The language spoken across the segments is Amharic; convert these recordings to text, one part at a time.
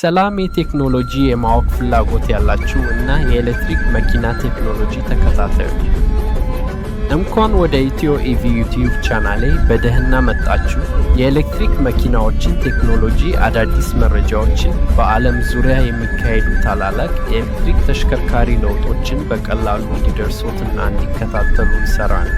ሰላም የቴክኖሎጂ የማወቅ ፍላጎት ያላችሁ እና የኤሌክትሪክ መኪና ቴክኖሎጂ ተከታታዮች እንኳን ወደ ኢትዮ ኢቪ ዩቲዩብ ቻናሌ በደህና መጣችሁ። የኤሌክትሪክ መኪናዎችን ቴክኖሎጂ አዳዲስ መረጃዎችን፣ በዓለም ዙሪያ የሚካሄዱ ታላላቅ የኤሌክትሪክ ተሽከርካሪ ለውጦችን በቀላሉ እንዲደርሶትና እንዲከታተሉ ነው።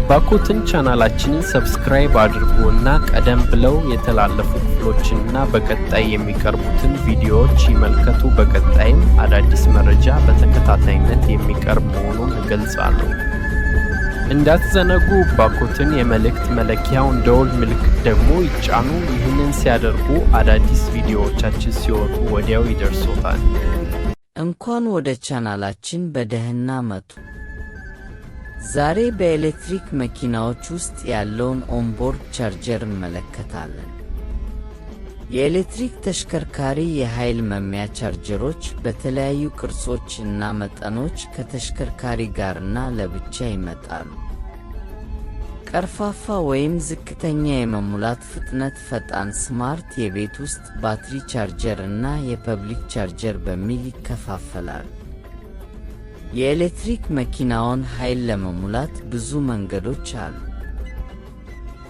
እባኮትን ቻናላችንን ሰብስክራይብ አድርጉ እና ቀደም ብለው የተላለፉ ሪፖርቶችንና በቀጣይ የሚቀርቡትን ቪዲዮዎች ይመልከቱ። በቀጣይም አዳዲስ መረጃ በተከታታይነት የሚቀርብ መሆኑን እገልጻለሁ። እንዳትዘነጉ። ባኮትን የመልእክት መለኪያውን ደወል ምልክት ደግሞ ይጫኑ። ይህንን ሲያደርጉ አዳዲስ ቪዲዮዎቻችን ሲወጡ ወዲያው ይደርሶታል። እንኳን ወደ ቻናላችን በደህና መጡ። ዛሬ በኤሌክትሪክ መኪናዎች ውስጥ ያለውን ኦንቦርድ ቻርጀር እንመለከታለን። የኤሌክትሪክ ተሽከርካሪ የኃይል መሙያ ቻርጀሮች በተለያዩ ቅርጾችና መጠኖች ከተሽከርካሪ ጋርና ለብቻ ይመጣሉ። ቀርፋፋ ወይም ዝቅተኛ የመሙላት ፍጥነት ፈጣን ስማርት የቤት ውስጥ ባትሪ ቻርጀር እና የፐብሊክ ቻርጀር በሚል ይከፋፈላል። የኤሌክትሪክ መኪናውን ኃይል ለመሙላት ብዙ መንገዶች አሉ።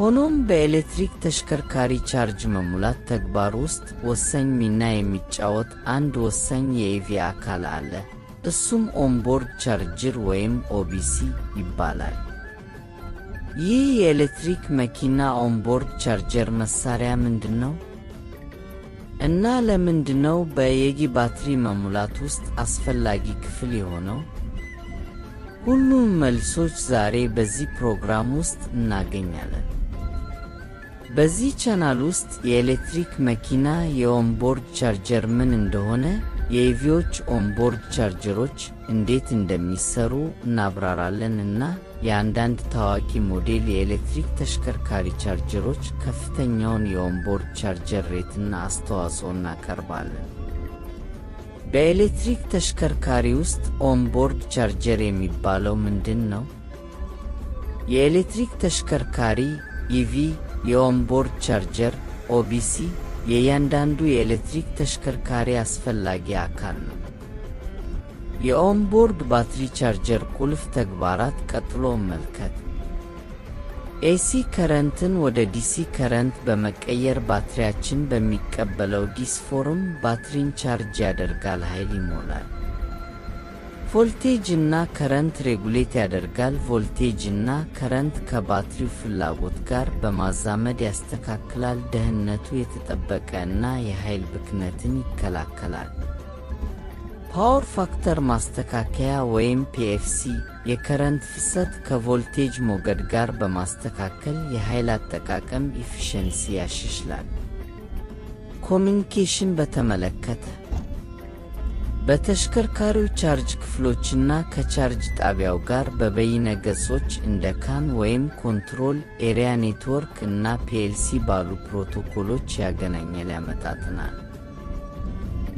ሆኖም በኤሌክትሪክ ተሽከርካሪ ቻርጅ መሙላት ተግባር ውስጥ ወሳኝ ሚና የሚጫወት አንድ ወሳኝ የኢቪ አካል አለ። እሱም ኦንቦርድ ቻርጀር ወይም ኦቢሲ ይባላል። ይህ የኤሌክትሪክ መኪና ኦንቦርድ ቻርጀር መሳሪያ ምንድን ነው እና ለምንድነው በየጊ ባትሪ መሙላት ውስጥ አስፈላጊ ክፍል የሆነው? ሁሉም መልሶች ዛሬ በዚህ ፕሮግራም ውስጥ እናገኛለን። በዚህ ቻናል ውስጥ የኤሌክትሪክ መኪና የኦንቦርድ ቻርጀር ምን እንደሆነ፣ የኢቪዎች ኦንቦርድ ቻርጀሮች እንዴት እንደሚሰሩ እናብራራለን እና የአንዳንድ ታዋቂ ሞዴል የኤሌክትሪክ ተሽከርካሪ ቻርጀሮች ከፍተኛውን የኦንቦርድ ቻርጀር ሬትና አስተዋጽኦ እናቀርባለን። በኤሌክትሪክ ተሽከርካሪ ውስጥ ኦንቦርድ ቻርጀር የሚባለው ምንድን ነው? የኤሌክትሪክ ተሽከርካሪ ኢቪ የኦንቦርድ ቻርጀር ኦቢሲ የእያንዳንዱ የኤሌክትሪክ ተሽከርካሪ አስፈላጊ አካል ነው። የኦንቦርድ ባትሪ ቻርጀር ቁልፍ ተግባራት ቀጥሎ መልከት ኤሲ ከረንትን ወደ ዲሲ ከረንት በመቀየር ባትሪያችን በሚቀበለው ዲስፎርም ፎርም ባትሪን ቻርጅ ያደርጋል፣ ኃይል ይሞላል። ቮልቴጅ እና ከረንት ሬጉሌት ያደርጋል። ቮልቴጅ እና ከረንት ከባትሪው ፍላጎት ጋር በማዛመድ ያስተካክላል። ደህንነቱ የተጠበቀ እና የኃይል ብክነትን ይከላከላል። ፓወር ፋክተር ማስተካከያ ወይም ፒኤፍሲ የከረንት ፍሰት ከቮልቴጅ ሞገድ ጋር በማስተካከል የኃይል አጠቃቀም ኢፊሽንሲ ያሻሽላል። ኮሚኒኬሽን በተመለከተ በተሽከርካሪው ቻርጅ ክፍሎችና ከቻርጅ ጣቢያው ጋር በበይነ ገጾች እንደ ካን ወይም ኮንትሮል ኤሪያ ኔትወርክ እና ፒኤልሲ ባሉ ፕሮቶኮሎች ያገናኛል ያመጣትናል።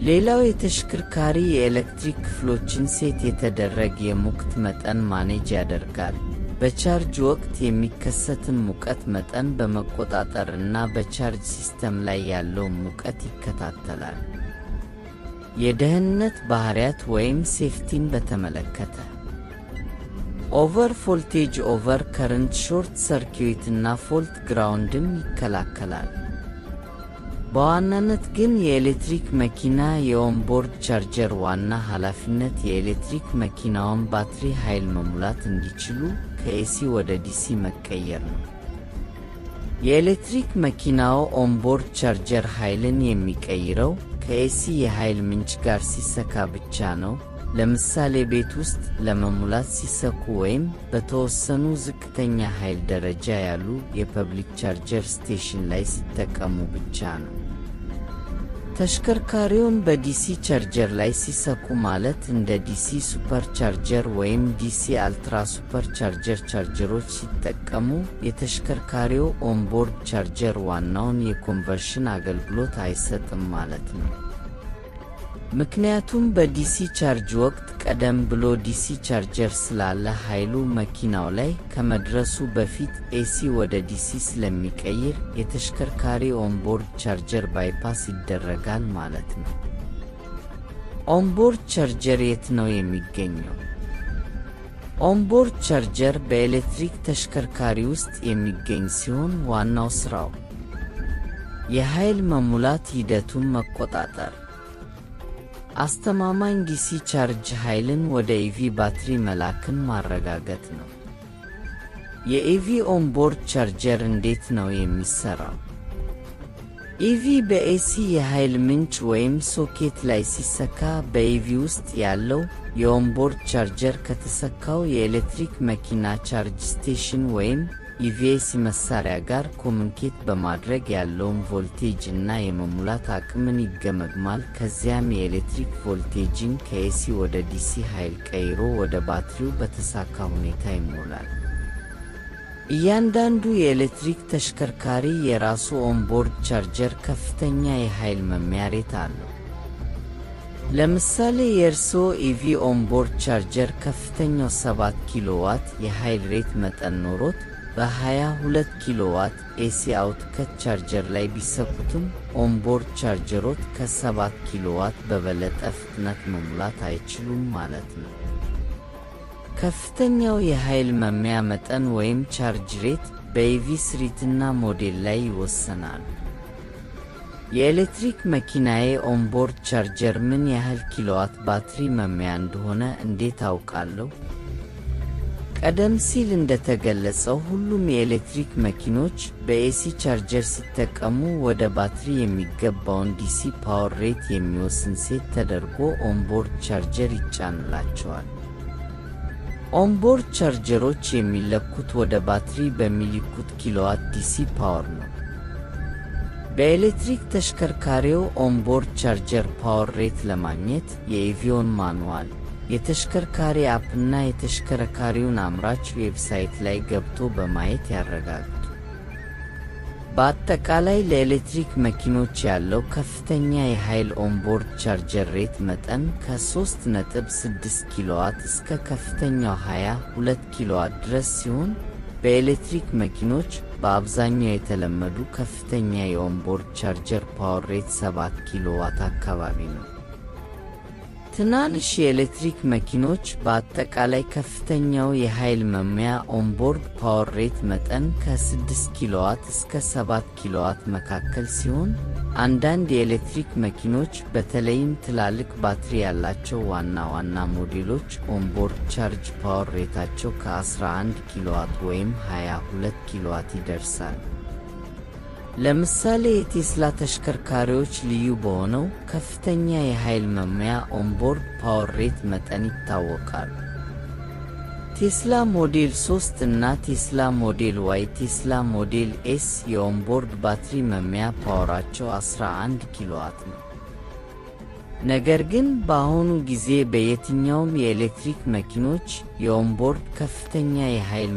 ሌላው የተሽከርካሪ የኤሌክትሪክ ክፍሎችን ሴት የተደረገ የሙቀት መጠን ማኔጅ ያደርጋል። በቻርጅ ወቅት የሚከሰትን ሙቀት መጠን በመቆጣጠር እና በቻርጅ ሲስተም ላይ ያለውን ሙቀት ይከታተላል። የደህንነት ባህሪያት ወይም ሴፍቲን በተመለከተ ኦቨር ፎልቴጅ ኦቨር ከረንት ሾርት ሰርኪዩት እና ፎልት ግራውንድም ይከላከላል። በዋናነት ግን የኤሌክትሪክ መኪና የኦንቦርድ ቻርጀር ዋና ኃላፊነት የኤሌክትሪክ መኪናውን ባትሪ ኃይል መሙላት እንዲችሉ ከኤሲ ወደ ዲሲ መቀየር ነው። የኤሌክትሪክ መኪናው ኦንቦርድ ቻርጀር ኃይልን የሚቀይረው ከኤሲ የኃይል ምንጭ ጋር ሲሰካ ብቻ ነው። ለምሳሌ ቤት ውስጥ ለመሙላት ሲሰኩ ወይም በተወሰኑ ዝቅተኛ ኃይል ደረጃ ያሉ የፐብሊክ ቻርጀር ስቴሽን ላይ ሲጠቀሙ ብቻ ነው። ተሽከርካሪውን በዲሲ ቻርጀር ላይ ሲሰኩ ማለት እንደ ዲሲ ሱፐር ቻርጀር ወይም ዲሲ አልትራ ሱፐር ቻርጀር ቻርጀሮች ሲጠቀሙ የተሽከርካሪው ኦንቦርድ ቻርጀር ዋናውን የኮንቨርሽን አገልግሎት አይሰጥም ማለት ነው። ምክንያቱም በዲሲ ቻርጅ ወቅት ቀደም ብሎ ዲሲ ቻርጀር ስላለ ኃይሉ መኪናው ላይ ከመድረሱ በፊት ኤሲ ወደ ዲሲ ስለሚቀይር የተሽከርካሪ ኦንቦርድ ቻርጀር ባይፓስ ይደረጋል ማለት ነው። ኦንቦርድ ቻርጀር የት ነው የሚገኘው? ኦንቦርድ ቻርጀር በኤሌክትሪክ ተሽከርካሪ ውስጥ የሚገኝ ሲሆን ዋናው ሥራው የኃይል መሙላት ሂደቱን መቆጣጠር አስተማማኝ ዲሲ ቻርጅ ኃይልን ወደ ኢቪ e ባትሪ መላክን ማረጋገጥ ነው። የኢቪ ኦንቦርድ ቻርጀር እንዴት ነው የሚሰራው? ኢቪ e በኤሲ የኃይል ምንጭ ወይም ሶኬት ላይ ሲሰካ በኢቪ ውስጥ ያለው የኦንቦርድ ቻርጀር ከተሰካው የኤሌክትሪክ መኪና ቻርጅ ስቴሽን ወይም ኢቪኤስ መሳሪያ ጋር ኮሚኒኬት በማድረግ ያለውን ቮልቴጅ እና የመሙላት አቅምን ይገመግማል። ከዚያም የኤሌክትሪክ ቮልቴጅን ከኤሲ ወደ ዲሲ ኃይል ቀይሮ ወደ ባትሪው በተሳካ ሁኔታ ይሞላል። እያንዳንዱ የኤሌክትሪክ ተሽከርካሪ የራሱ ኦንቦርድ ቻርጀር ከፍተኛ የኃይል መሙያ ሬት አለው። ለምሳሌ የእርስዎ ኢቪ ኦንቦርድ ቻርጀር ከፍተኛው 7 ኪሎዋት የኃይል ሬት መጠን ኖሮት በ22 ኪሎ ዋት ኤሲ አውትፑት ቻርጀር ላይ ቢሰኩትም ኦንቦርድ ቻርጀሮች ከ7 ኪሎ ዋት በበለጠ ፍጥነት መሙላት አይችሉም ማለት ነው። ከፍተኛው የኃይል መሙያ መጠን ወይም ቻርጅ ሬት በኢቪ ስሪትና ሞዴል ላይ ይወሰናል። የኤሌክትሪክ መኪናዬ ኦንቦርድ ቻርጀር ምን ያህል ኪሎዋት ባትሪ መሙያ እንደሆነ እንዴት አውቃለሁ? ቀደም ሲል እንደተገለጸው ሁሉም የኤሌክትሪክ መኪኖች በኤሲ ቻርጀር ሲጠቀሙ ወደ ባትሪ የሚገባውን ዲሲ ፓወር ሬት የሚወስን ሴት ተደርጎ ኦንቦርድ ቻርጀር ይጫንላቸዋል። ኦንቦርድ ቻርጀሮች የሚለኩት ወደ ባትሪ በሚልኩት ኪሎዋት ዲሲ ፓወር ነው። በኤሌክትሪክ ተሽከርካሪው ኦንቦርድ ቻርጀር ፓወር ሬት ለማግኘት የኢቪዮን ማኑዋል የተሽከርካሪ አፕና የተሽከርካሪውን አምራች ዌብሳይት ላይ ገብቶ በማየት ያረጋግጡ። በአጠቃላይ ለኤሌክትሪክ መኪኖች ያለው ከፍተኛ የኃይል ኦንቦርድ ቻርጀር ሬት መጠን ከ3.6 ኪሎዋት እስከ ከፍተኛው 22 ኪሎዋት ድረስ ሲሆን በኤሌክትሪክ መኪኖች በአብዛኛው የተለመዱ ከፍተኛ የኦንቦርድ ቻርጀር ፓወር ሬት 7 ኪሎዋት አካባቢ ነው። ትናንሽ የኤሌክትሪክ መኪኖች በአጠቃላይ ከፍተኛው የኃይል መሙያ ኦንቦርድ ፓወር ሬት መጠን ከ6 ኪሎዋት እስከ 7 ኪሎዋት መካከል ሲሆን አንዳንድ የኤሌክትሪክ መኪኖች በተለይም ትላልቅ ባትሪ ያላቸው ዋና ዋና ሞዴሎች ኦንቦርድ ቻርጅ ፓወር ሬታቸው ከ11 ኪሎዋት ወይም 22 ኪሎዋት ይደርሳል። ለምሳሌ የቴስላ ተሽከርካሪዎች ልዩ በሆነው ከፍተኛ የኃይል መሙያ ኦንቦርድ ፓወር ሬት መጠን ይታወቃሉ። ቴስላ ሞዴል 3 እና ቴስላ ሞዴል ዋይ፣ ቴስላ ሞዴል ኤስ የኦንቦርድ ባትሪ መሙያ ፓወራቸው 11 ኪሎዋት ነው። ነገር ግን በአሁኑ ጊዜ በየትኛውም የኤሌክትሪክ መኪኖች የኦንቦርድ ከፍተኛ የኃይል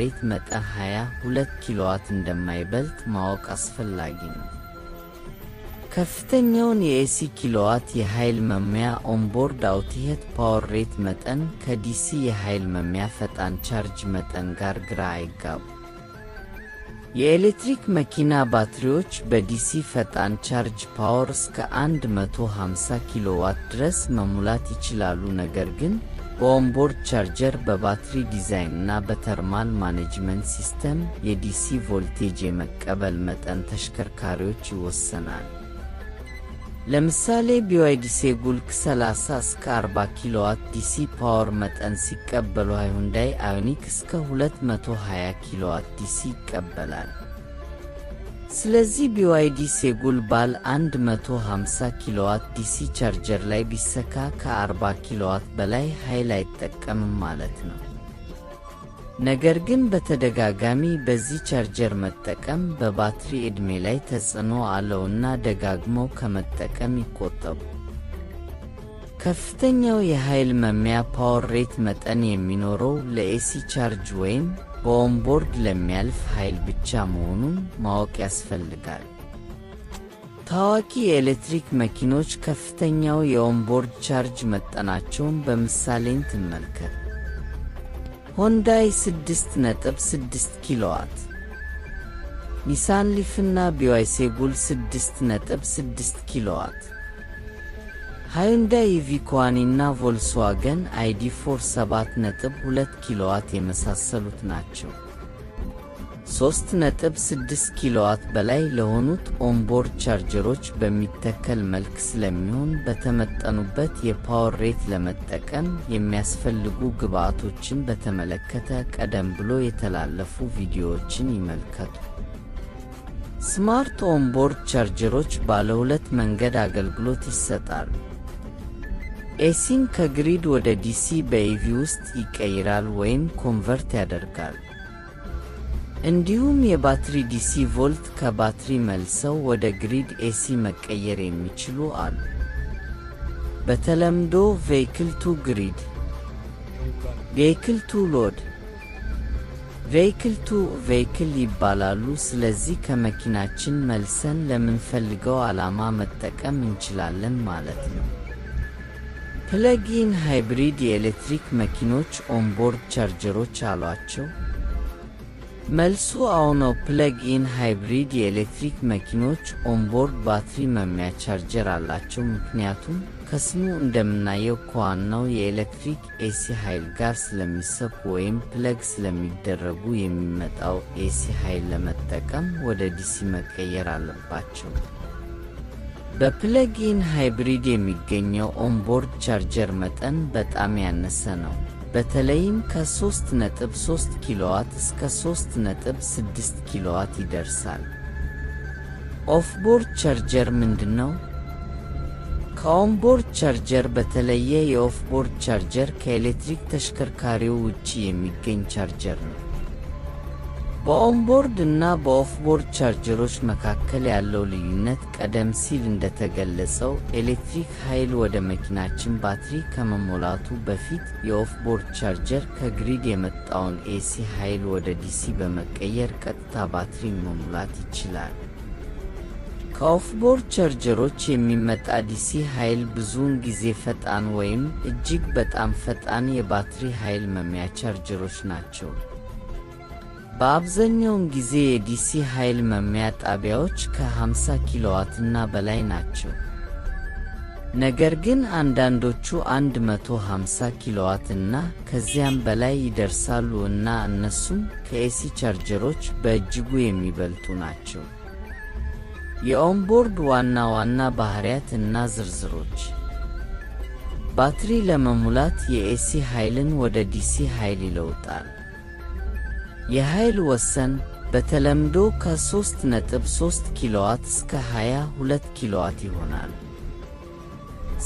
ሬት መጠን 22 ኪሎዋት እንደማይበልጥ ማወቅ አስፈላጊ ነው። ከፍተኛውን የኤሲ ኪሎዋት የኃይል መሙያ ኦንቦርድ አውትሄት ፓወር ሬት መጠን ከዲሲ የኃይል መሙያ ፈጣን ቻርጅ መጠን ጋር ግራ አይጋቡ። የኤሌክትሪክ መኪና ባትሪዎች በዲሲ ፈጣን ቻርጅ ፓወር እስከ 150 ኪሎዋት ድረስ መሙላት ይችላሉ። ነገር ግን በኦንቦርድ ቻርጀር፣ በባትሪ ዲዛይን እና በተርማል ማኔጅመንት ሲስተም የዲሲ ቮልቴጅ የመቀበል መጠን ተሽከርካሪዎች ይወሰናል። ለምሳሌ ቢዋይዲሴ ጉልክ 30 እስከ 40 ኪሎዋት ዲሲ ፓወር መጠን ሲቀበሉ ሃዩንዳይ አዮኒክ እስከ 220 ኪሎዋት ዲሲ ይቀበላል። ስለዚህ ቢዋይዲ ሴጉል ባለ 150 ኪሎዋት ዲሲ ቻርጀር ላይ ቢሰካ ከ40 ኪሎዋት በላይ ኃይል አይጠቀምም ማለት ነው። ነገር ግን በተደጋጋሚ በዚህ ቻርጀር መጠቀም በባትሪ ዕድሜ ላይ ተጽዕኖ አለውና ደጋግመው ከመጠቀም ይቆጠቡ። ከፍተኛው የኃይል መሙያ ፓወር ሬት መጠን የሚኖረው ለኤሲ ቻርጅ ወይም በኦንቦርድ ለሚያልፍ ኃይል ብቻ መሆኑን ማወቅ ያስፈልጋል። ታዋቂ የኤሌክትሪክ መኪኖች ከፍተኛው የኦንቦርድ ቻርጅ መጠናቸውን በምሳሌን ትመልከት። ሆንዳይ 6.6 ኪሎዋት ኒሳን ሊፍና ቢዋይሴ ጉል 6.6 ኪሎዋት ሃዩንዳይ ቪኳኒና ቮልስዋገን አይዲ 4 7.2 ኪሎዋት የመሳሰሉት ናቸው። 3.6 ኪሎዋት በላይ ለሆኑት ኦንቦርድ ቻርጀሮች በሚተከል መልክ ስለሚሆን በተመጠኑበት የፓወር ሬት ለመጠቀም የሚያስፈልጉ ግብዓቶችን በተመለከተ ቀደም ብሎ የተላለፉ ቪዲዮዎችን ይመልከቱ። ስማርት ኦንቦርድ ቻርጀሮች ባለ ሁለት መንገድ አገልግሎት ይሰጣሉ። ኤሲን ከግሪድ ወደ ዲሲ በኢቪ ውስጥ ይቀይራል ወይም ኮንቨርት ያደርጋል። እንዲሁም የባትሪ ዲሲ ቮልት ከባትሪ መልሰው ወደ ግሪድ ኤሲ መቀየር የሚችሉ አሉ። በተለምዶ ቬይክል ቱ ግሪድ፣ ቬይክል ቱ ሎድ፣ ቬይክል ቱ ቬይክል ይባላሉ። ስለዚህ ከመኪናችን መልሰን ለምንፈልገው ዓላማ መጠቀም እንችላለን ማለት ነው። ፕለጊን ሃይብሪድ የኤሌክትሪክ መኪኖች ኦንቦርድ ቻርጀሮች አሏቸው። መልሱ አዎ ፕለግኢን ሃይብሪድ የኤሌክትሪክ መኪኖች ኦንቦርድ ባትሪ መሙያ ቻርጀር አላቸው። ምክንያቱም ከስሙ እንደምናየው ከዋናው የኤሌክትሪክ ኤሲ ኃይል ጋር ስለሚሰኩ ወይም ፕለግ ስለሚደረጉ የሚመጣው ኤሲ ኃይል ለመጠቀም ወደ ዲሲ መቀየር አለባቸው። በፕለግኢን ሃይብሪድ የሚገኘው ኦንቦርድ ቻርጀር መጠን በጣም ያነሰ ነው። በተለይም ከ3.3 ኪሎዋት እስከ 3.6 ኪሎዋት ይደርሳል። ኦፍቦርድ ቻርጀር ምንድን ነው? ከኦንቦርድ ቻርጀር በተለየ የኦፍቦርድ ቻርጀር ከኤሌክትሪክ ተሽከርካሪው ውጪ የሚገኝ ቻርጀር ነው። በኦንቦርድ እና በኦፍቦርድ ቻርጀሮች መካከል ያለው ልዩነት ቀደም ሲል እንደተገለጸው ኤሌክትሪክ ኃይል ወደ መኪናችን ባትሪ ከመሞላቱ በፊት የኦፍቦርድ ቻርጀር ከግሪድ የመጣውን ኤሲ ኃይል ወደ ዲሲ በመቀየር ቀጥታ ባትሪ መሙላት ይችላል። ከኦፍቦርድ ቻርጀሮች የሚመጣ ዲሲ ኃይል ብዙውን ጊዜ ፈጣን ወይም እጅግ በጣም ፈጣን የባትሪ ኃይል መሙያ ቻርጀሮች ናቸው። በአብዛኛውን ጊዜ የዲሲ ኃይል መሙያ ጣቢያዎች ከ50 ኪሎዋትና በላይ ናቸው። ነገር ግን አንዳንዶቹ 150 ኪሎዋት እና ከዚያም በላይ ይደርሳሉ እና እነሱም ከኤሲ ቻርጀሮች በእጅጉ የሚበልጡ ናቸው። የኦንቦርድ ዋና ዋና ባሕርያት እና ዝርዝሮች ባትሪ ለመሙላት የኤሲ ኃይልን ወደ ዲሲ ኃይል ይለውጣል። የኃይል ወሰን በተለምዶ ከ3.3 ኪሎዋት እስከ 22 ኪሎዋት ይሆናል።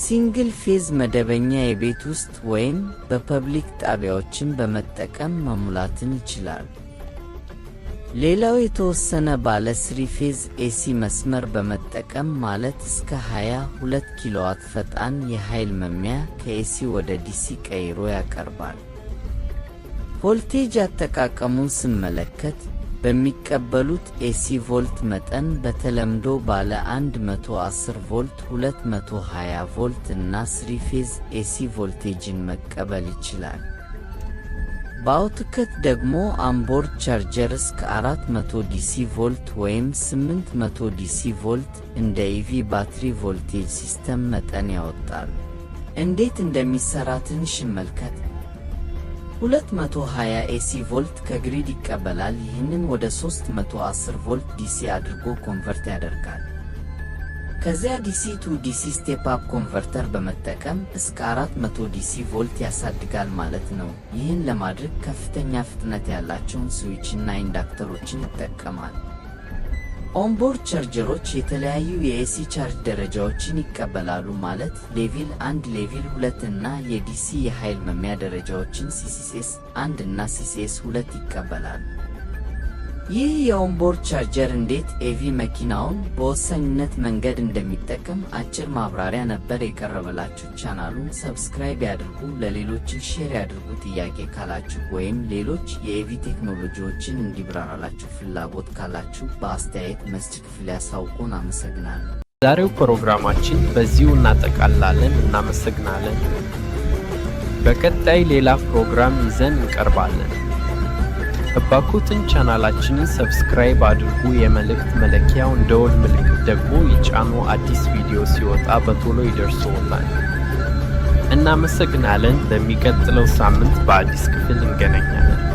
ሲንግል ፌዝ መደበኛ የቤት ውስጥ ወይም በፐብሊክ ጣቢያዎችን በመጠቀም መሙላትን ይችላል። ሌላው የተወሰነ ባለ ስሪ ፌዝ ኤሲ መስመር በመጠቀም ማለት እስከ 22 ኪሎዋት ፈጣን የኃይል መሙያ ከኤሲ ወደ ዲሲ ቀይሮ ያቀርባል። ቮልቴጅ አጠቃቀሙን ስመለከት በሚቀበሉት ኤሲ ቮልት መጠን በተለምዶ ባለ 110 ቮልት፣ 220 ቮልት እና ስሪ ፌዝ ኤሲ ቮልቴጅን መቀበል ይችላል። በአውትከት ደግሞ አምቦርድ ቻርጀር እስከ 400 ዲሲ ቮልት ወይም 800 ዲሲ ቮልት እንደ ኢቪ ባትሪ ቮልቴጅ ሲስተም መጠን ያወጣል እንዴት እንደሚሠራ ትንሽ መልከት 220 ኤሲ ቮልት ከግሪድ ይቀበላል። ይህንን ወደ 310 ቮልት ዲሲ አድርጎ ኮንቨርት ያደርጋል። ከዚያ ዲሲ ቱ ዲሲ ስቴፕ አፕ ኮንቨርተር በመጠቀም እስከ 400 ዲሲ ቮልት ያሳድጋል ማለት ነው። ይህን ለማድረግ ከፍተኛ ፍጥነት ያላቸውን ስዊችና ኢንዳክተሮችን ይጠቀማል። ኦንቦርድ ቻርጀሮች የተለያዩ የኤሲ ቻርጅ ደረጃዎችን ይቀበላሉ ማለት ሌቪል አንድ፣ ሌቪል 2 እና የዲሲ የኃይል መሙያ ደረጃዎችን ሲሲኤስ 1 እና ሲሲኤስ 2 ይቀበላሉ። ይህ የኦንቦርድ ቻርጀር እንዴት ኤቪ መኪናውን በወሳኝነት መንገድ እንደሚጠቀም አጭር ማብራሪያ ነበር የቀረበላችሁ። ቻናሉን ሰብስክራይብ ያድርጉ፣ ለሌሎችን ሼር ያድርጉ። ጥያቄ ካላችሁ ወይም ሌሎች የኤቪ ቴክኖሎጂዎችን እንዲብራራላችሁ ፍላጎት ካላችሁ በአስተያየት መስጫ ክፍል ያሳውቁን። አመሰግናለን። ዛሬው ፕሮግራማችን በዚሁ እናጠቃላለን። እናመሰግናለን። በቀጣይ ሌላ ፕሮግራም ይዘን እንቀርባለን። እባኮትን ቻናላችንን ሰብስክራይብ አድርጉ። የመልእክት መለኪያውን ደወል ምልክት ደግሞ ይጫኑ። አዲስ ቪዲዮ ሲወጣ በቶሎ ይደርሶናል። እናመሰግናለን። በሚቀጥለው ሳምንት በአዲስ ክፍል እንገናኛለን።